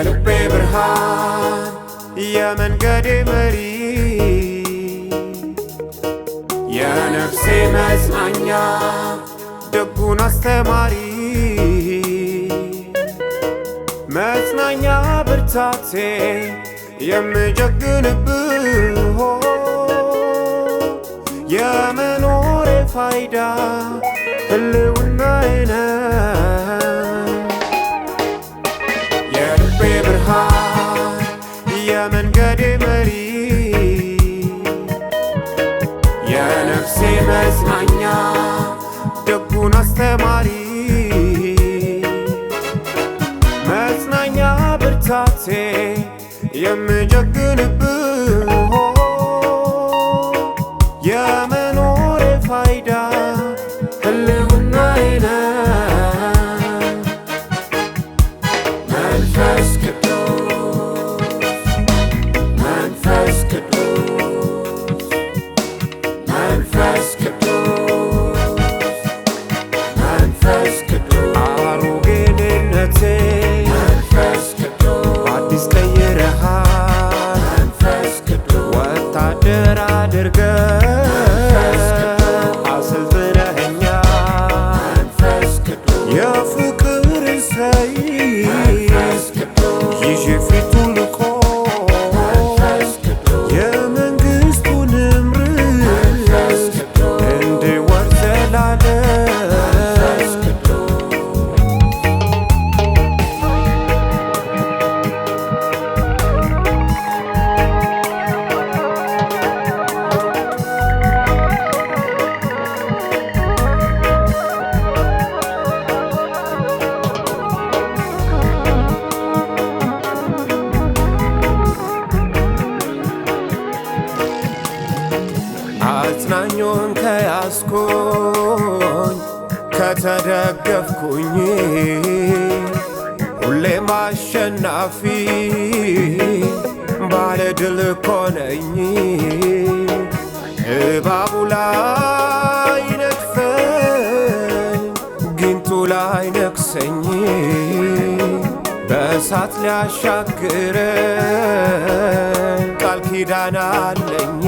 የልቤ ብርሃን የመንገዴ መሪ የነፍሴ መጽናኛ ደጉን አስተማሪ መጽናኛ ብርታቴ የምጀግንብህ የመኖሬ ፋይዳ ህልውና ነው። መዝናኛ ደጉን አስተማሪ መዝናኛ ብርታቴ የምጀግንብ አድርገው መጽናኞን ከያዝኩኝ ከተደገፍኩኝ ሁሌም ማሸናፊ ባለ ድል ኮነኝ እባቡ ላይ ነድፈኝ ጊንጡ ላይ ነክሰኝ በእሳት ሊያሻግረን ቃል ኪዳን አለኝ